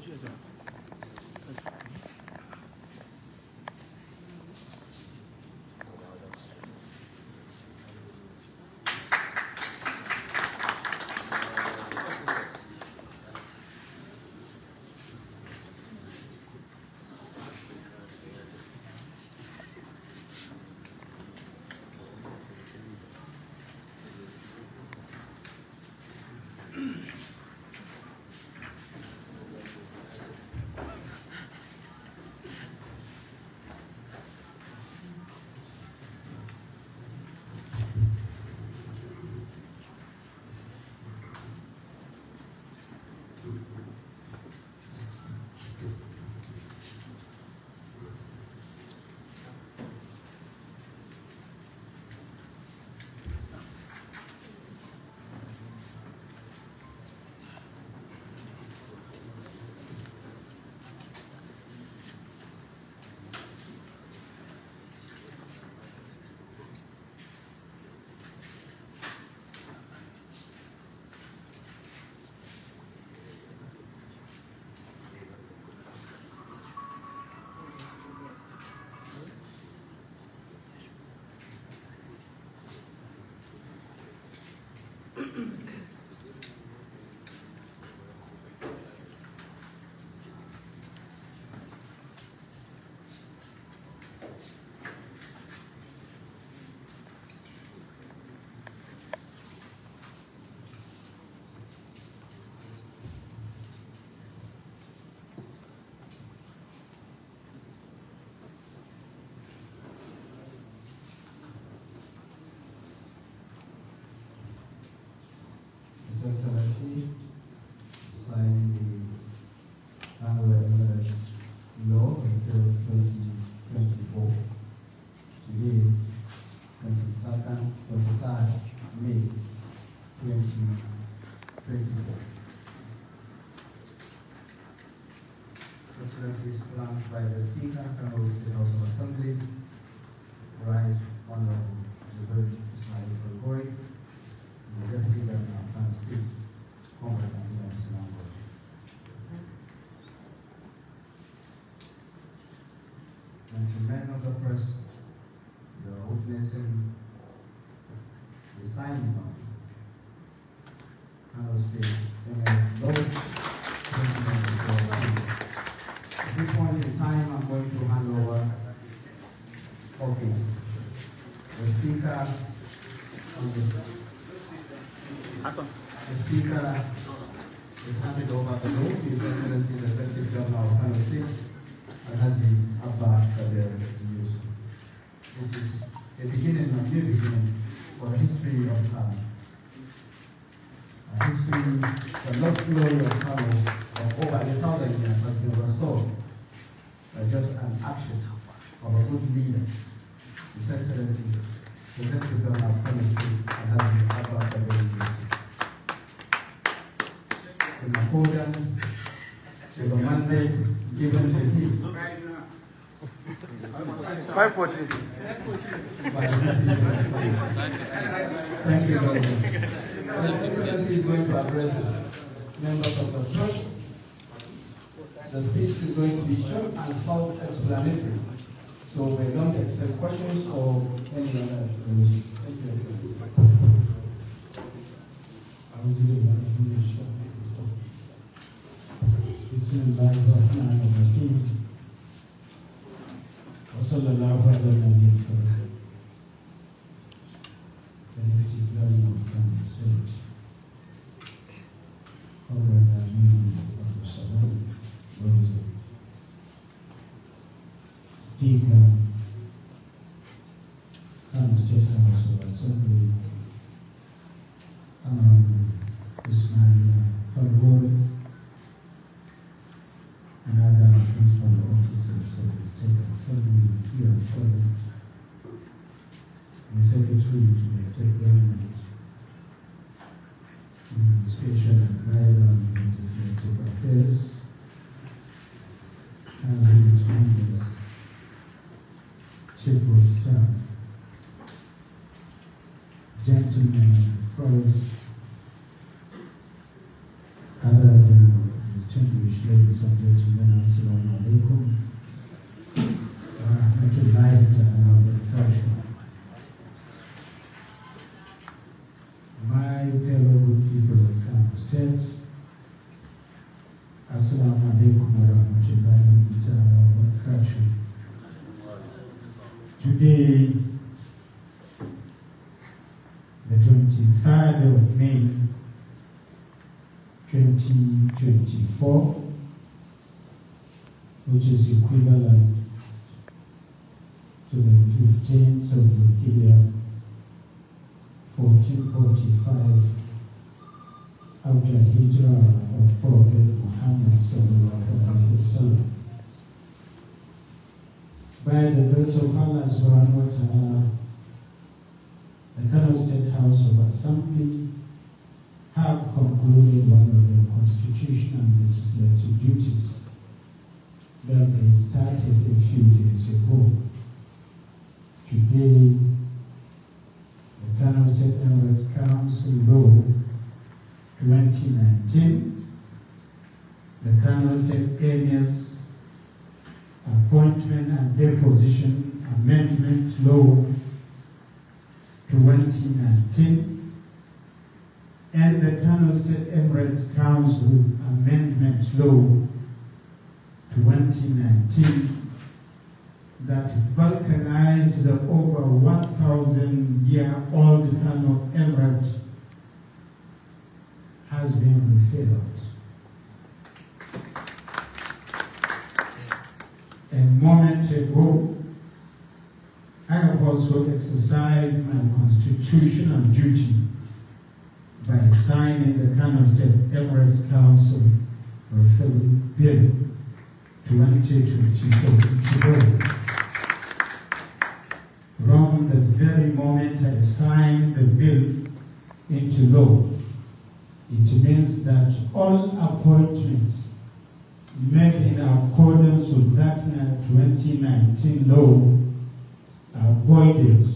谢谢。to of the press. average given the team. 540. Thank you very The presidency is going to address members of the church. The speech is going to be short and self-explanatory. So we don't expect questions or any other explanation. Thank you, Excellency. بسم الله الرحمن الرحيم وصلى الله على النبي الكريم Speaker, and State House of Assembly, and service, take us suddenly here present. The secretary to the state government, the administration advisor on legislative affairs, the members, chief of staff, gentlemen of press, other distinguished ladies and gentlemen. 23rd of May 2024, which is equivalent to the 15th of the year 1445 after Hijrah of Prophet Muhammad Sallallahu Alaihi Wasallam. By the grace of Allah Subhanahu wa Ta'ala, the Kano State House of Assembly have concluded one of their constitutional and legislative duties that they started a few days ago. Today, the Kano State Emirates Council Law 2019, the Kano State Emirs Appointment and Deposition Amendment Law 2019, and the Kano State Emirates Council Amendment Law 2019 that balkanized the over 1,000 year old Kano Emirates has been refilled. A moment ago, I have also exercised my constitutional duty by signing the Kano State Emirates Council referral bill 2024. From the very moment I signed the bill into law, it means that all appointments made in accordance with that 2019 law Avoided,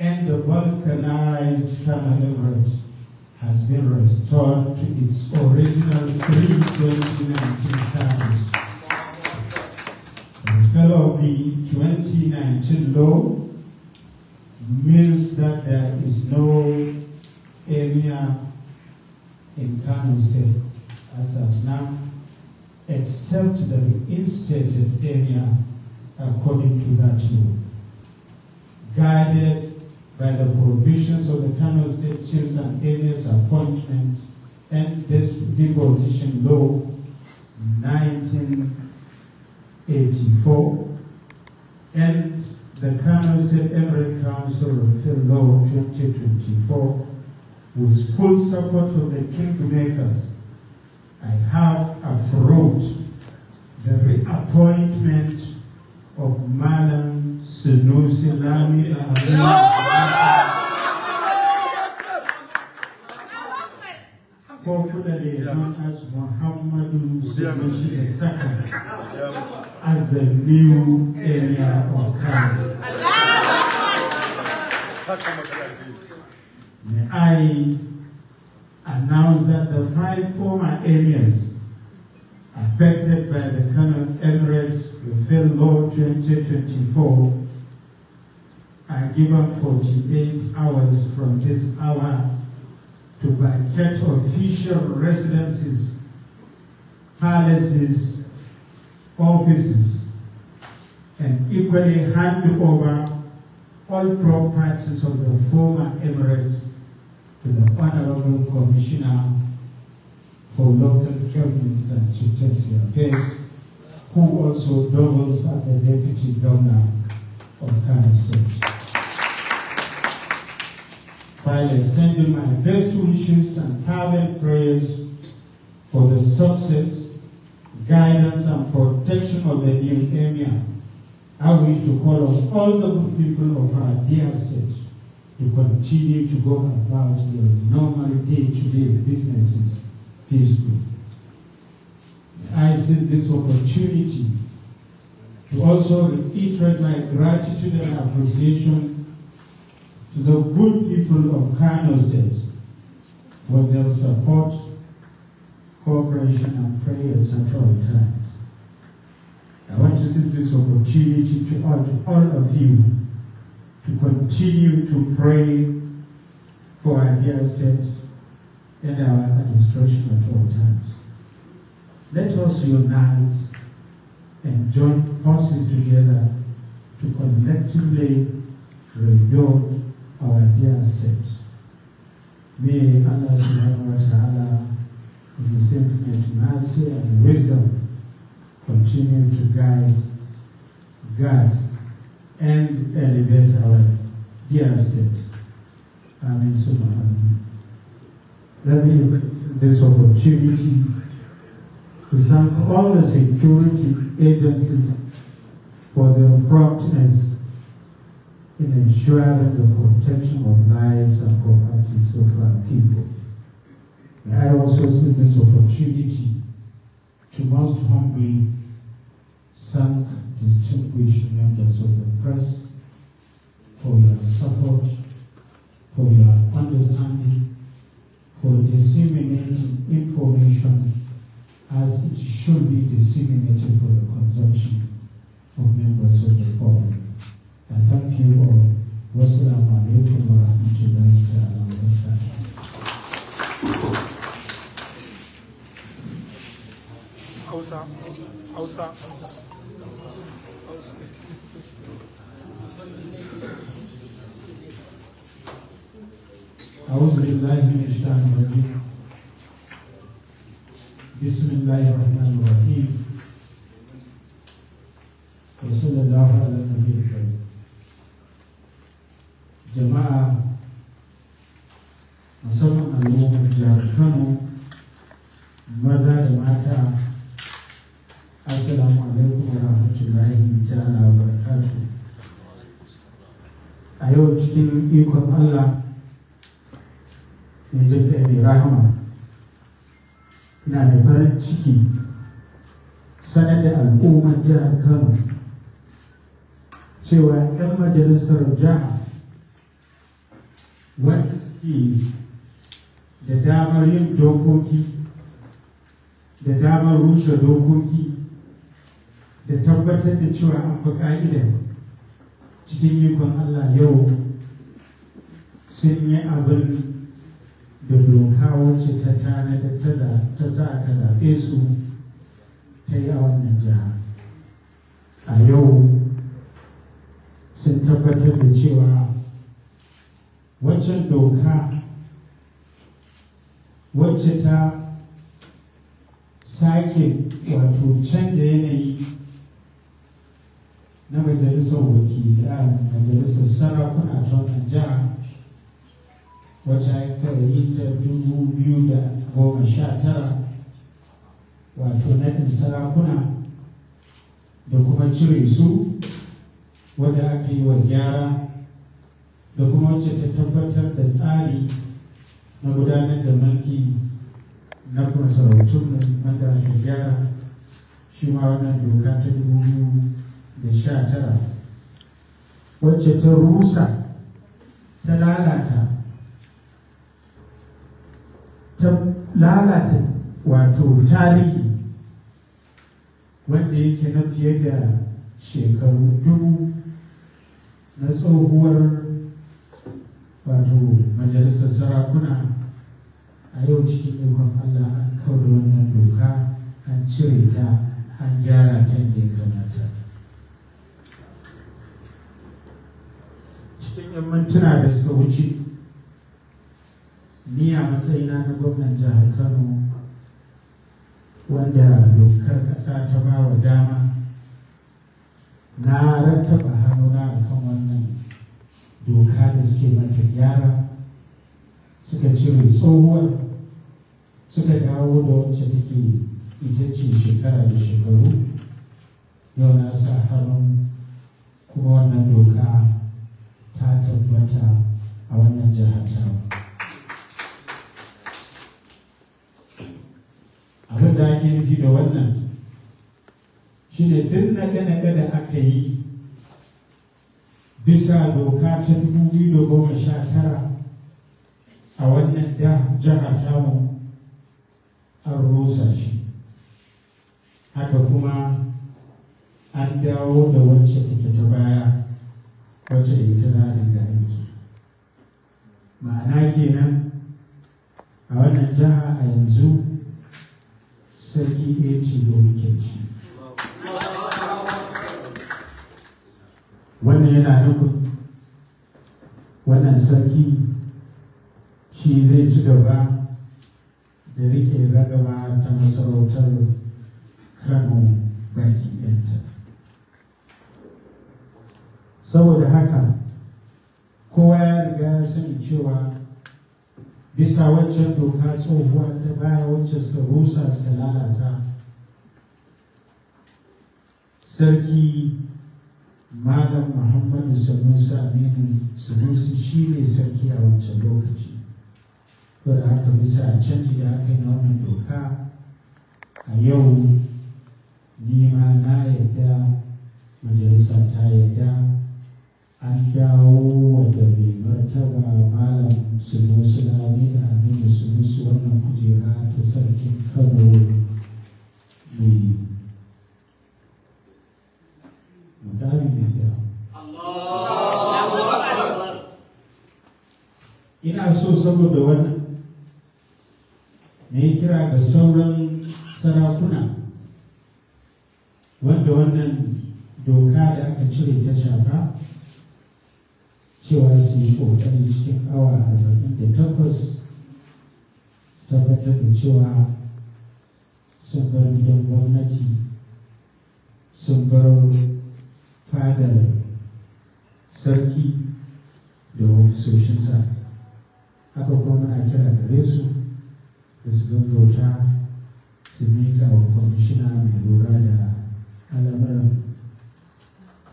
and the vulcanized Channel Emirates has been restored to its original pre-2019 status. The fellow of the 2019 law means that there is no area in Kano State as of now, except the reinstated area according to that law guided by the provisions of the Kano State Chiefs and Areas Appointment and Deposition Law 1984 and the Kano State Emirate Council of Law 2024 with full support of the Kingmakers, I have approved the reappointment of Malam Sunusi Lami Popularly known as Muhammadu Sunusi Saka as the new area of Christ. May I announce that the five former emirs affected by the current Emirates Refill Law 2024 are given 48 hours from this hour to vacate official residences, palaces, offices, and equally hand over all properties of the former Emirates to the Honorable Commissioner for Local Kelvins and Chichesia Pace, who also doubles as the Deputy Governor of Kano State. While extending my best wishes and fervent prayers for the success, guidance, and protection of the new emir, I wish to call on all the good people of our dear state to continue to go about their normal day-to-day -day businesses peacefully. I see this opportunity to also reiterate my gratitude and appreciation to the good people of Kano State for their support, cooperation, and prayers at all times. I want to seize this opportunity to urge all of you to continue to pray for our dear state and our administration at all times. Let us unite and join forces together to collectively rebuild our dear state. May Allah subhanahu wa ta'ala, in His infinite mercy and wisdom, continue to guide, guide, and elevate our dear state. Amen. Um, let me use this opportunity to thank all the security agencies for their promptness in ensuring the protection of lives and properties of our people. I also see this opportunity to most humbly thank distinguished members of the press for your support, for your understanding, for disseminating information as it should be disseminated for the consumption of members of the public. I thank you all. Wassalamu alaikum wa rahmatullahi ta'ala wa barakatuh. Hausa, Hausa, Hausa. أعوذ بالله من الله الرحمن الرحيم وصلى الله على النبي الكريم جماعة musamman al'ummar jihar kano maza da mata assalamu alaikum wa rahmatullahi ta'ala wa barakatuh a yau cikin ikon allah ne jinka rahama ina da farin ciki sanar da al'ummar jihar kano cewa 'yan majalisar jiha wanda suke da damar yin dokoki da damar rushe dokoki da tabbatar da cewa an fi ka'ida cikin ikon allah yau sun yi abin da doka wacce ta tanada ta sa aka zaɓe su ta yi a wannan jiha a yau sun tabbatar da cewa waccan doka wacce ta sake wato canja yanayi na majalisar wakilai majalisar sarakuna ta wannan jiha wata aka ta dubu biyu da goma sha tara wato naɗin sarakuna da kuma cire su wadda aka yi wa gyara da kuma wacce ta tabbatar da tsari na gudanar da mulki na da wanda aka gyara shi ma wannan doka ta dubu biyu da sha tara wacce ta rusa ta lalata ta lalata wato tarihi wanda yake na fiye da shekaru dubu na tsohuwar wato majalisar sarakuna a yau cikin ikon Allah an kawo wannan doka an cire ta an gyara can da ya kamata cikin yan mintuna da suka wuce ni a matsayina na gwamnan jihar kano wanda dokar ƙasa ta ba wa dama na rattaba hannuna a kan wannan doka da suke mata gyara suka cire tsohuwar suka dawo da wacce take ita ce shekara da shekaru yau na sa hannun kuma wannan doka ta tabbata a wannan jihar tawa abin da ake nufi da wannan Shi ne duk na gane da aka yi bisa doka ta 2019 a wannan jiha tamu an rusa shi haka kuma an dawo da wacce take ta baya wacce ita za a dinga aiki ma'ana kenan a wannan jiha a yanzu sarki ɗaya tilo muke shi wannan yana nufin wannan sarki shi zai ci gaba da rike ragama ta masarautar kano baki ɗanta saboda haka kowa ya riga sani cewa bisa wancan doka tsohuwa ta baya wacce suka rusa suka lalata sarki malam muhammadu sanusi aminu sanusi shi ne sarki a wancan lokaci da aka bisa canji da aka yi na wannan doka a yau nima na yadda majalisa ta yadda an dawo wa mai martaba malam sunusu da su musu wannan kujera ta sarkin kano mai mutane ina so saboda wannan na yi kira ga sauran sarakuna wanda wannan doka da aka cire ta shafa cewa su yi cikin awa arba'in da takwas su tabbatar da cewa sun bar gidan gwamnati sun bar fadar sarki da ofisoshinsa haka kuma muna kira gare su da su gaggauta su miƙa wa kwamishina mai lura da al'amuran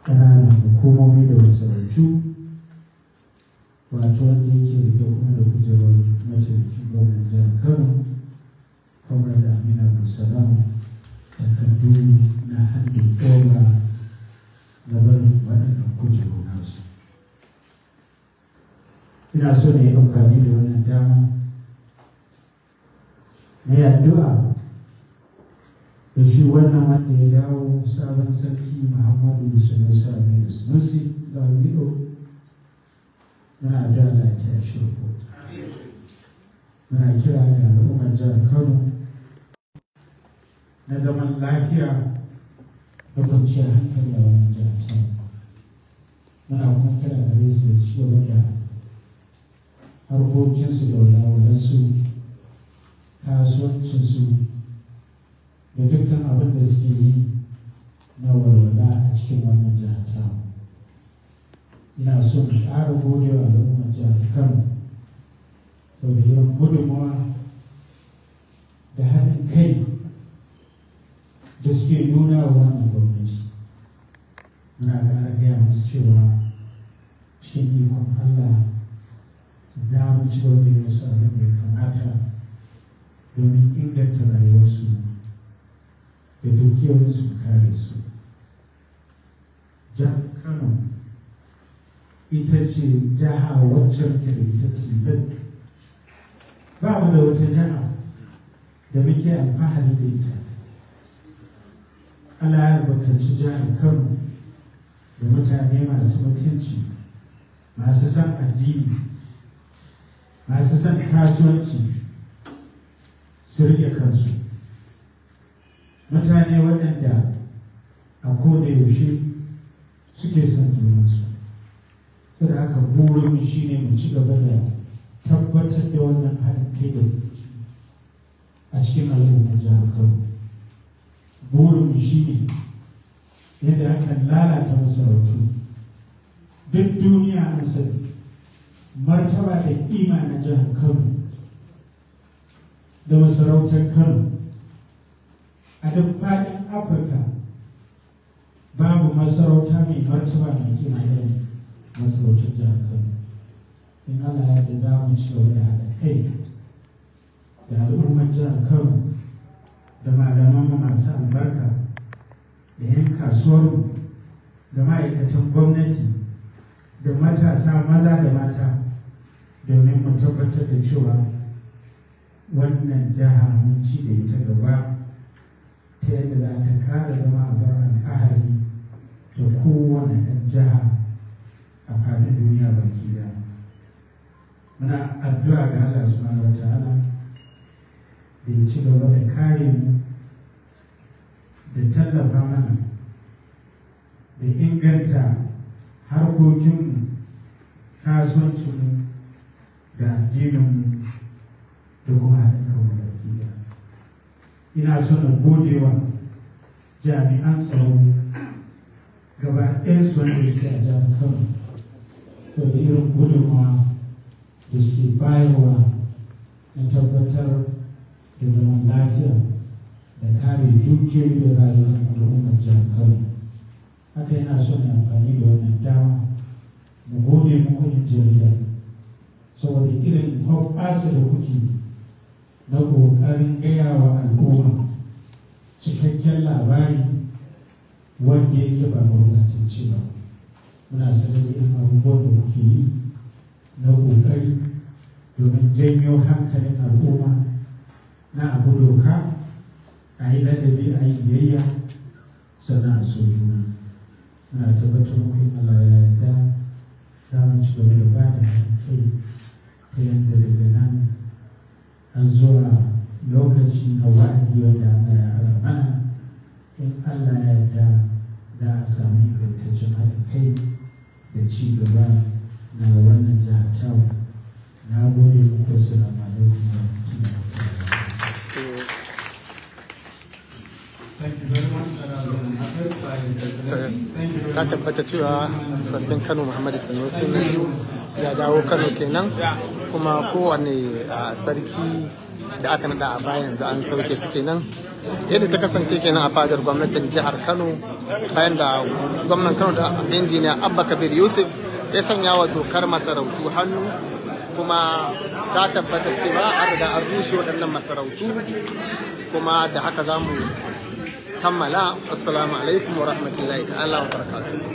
ƙananan hukumomi da wasu wato wanda yake da kyau kuma da kujerar mataimakin gwamnan jihar kano kamar da amina musalam takardu na hannun goma na barin waɗannan kujeru nasu ina so ya yi amfani da wannan dama na yi da shi wannan wanda ya dawo sabon sarki muhammadu sunusi aminu sunusi da aminu muna addu'a da ta shirku muna kira ga al'ummar jihar Kano na zaman lafiya da kwanciyar hankali da wannan jihar ta muna kuma kira gare su da su da harkokinsu da walawalansu kasuwancinsu da dukkan abin da suke yi na walwala a cikin wannan jihar tamu ina so ƙara gode wa al'ummar jami'an kano yawan gudunmawa da haɗin kai da suke nuna wa wannan gwamnati Ina ƙara gaya masu cewa cikin ikon allah za mu ci gaba da yi abin da ya kamata domin inganta rayuwarsu da dukiyoyinsu kare su jan kano ita ce jiha wacce muke da ita ba mu da wata jiha da muke alfahari da ita Allah ya albarkaci jihar Kano da mutane masu mutunci masu san addini masu san kasuwanci su rike kansu mutane waɗanda a kodayaushe suke son junansu da haka burin shi ne mu ci gaba da tabbatar da wannan haɗin kai da a cikin al'ummar jihar kano burin shi ne yadda aka lalata masarautu duk duniya an sani martaba da kima na jihar kano da masarautar kano a duk faɗin afirka babu masarauta mai martaba mai kima yau masarautar jihar kano in ala yadda za mu ci gaba da haɗa kai da al'ummar jihar kano da mu masu albarka da 'yan mu da ma'aikatan gwamnati da matasa maza da mata domin mu tabbatar da cewa wannan jiha mun ci da ita gaba ta yadda za ta kara zama a bar alfahari da kowane ɗan jiha a faɗin duniya baki da muna addu'a ga Allah subhanahu wa ta'ala da ya ci gaba da kare mu da tallafa mana da inganta harkokinmu kasuwancinmu da addininmu da kuma haɗin kawo da ina so na godewa jami'an tsaro gaba ɗaya su wanda suke a jami'an da irin gudunmawa da suke bayarwa na tabbatar da zaman lafiya da kare dukiyoyi da rayuwar al'ummar jihar kano haka yana son amfani da wannan dama mu gode muku yin jarida saboda irin hoɓɓasa da kuke na ƙoƙarin gaya wa al'umma cikakken labari wanda yake ba gurbatacce ba muna sanar da irin abubuwan da kuke yi na ƙoƙari domin janyo hankalin al'umma na abu doka a yi ladabi a yi biyayya sannan a so juna muna tabbatar muku in Allah za mu ci gaba da ba da hankali ta yadda daga nan An zuwa lokaci na wa'adi wanda Allah ya ara mana in Allah ya yarda za a samu ingantaccen haɗin kai da ci gaba na wannan jihar tawa na gode muku assalamu ya wa ta tabbata cewa sabbin kano muhammadu sanusi na biyu ya dawo kano kenan kuma kowane ah, sarki da aka nada a bayan za an sauke su kenan yadda ta kasance kenan a fadar gwamnatin jihar kano bayan da gwamnan kano da injiniya abba kabir yusuf ya sanya wa dokar masarautu hannu kuma ta tabbata cewa an riga an rushe waɗannan masarautu kuma da haka za mu kammala assalamu alaikum wa rahmatullahi ta'ala wa barakatuh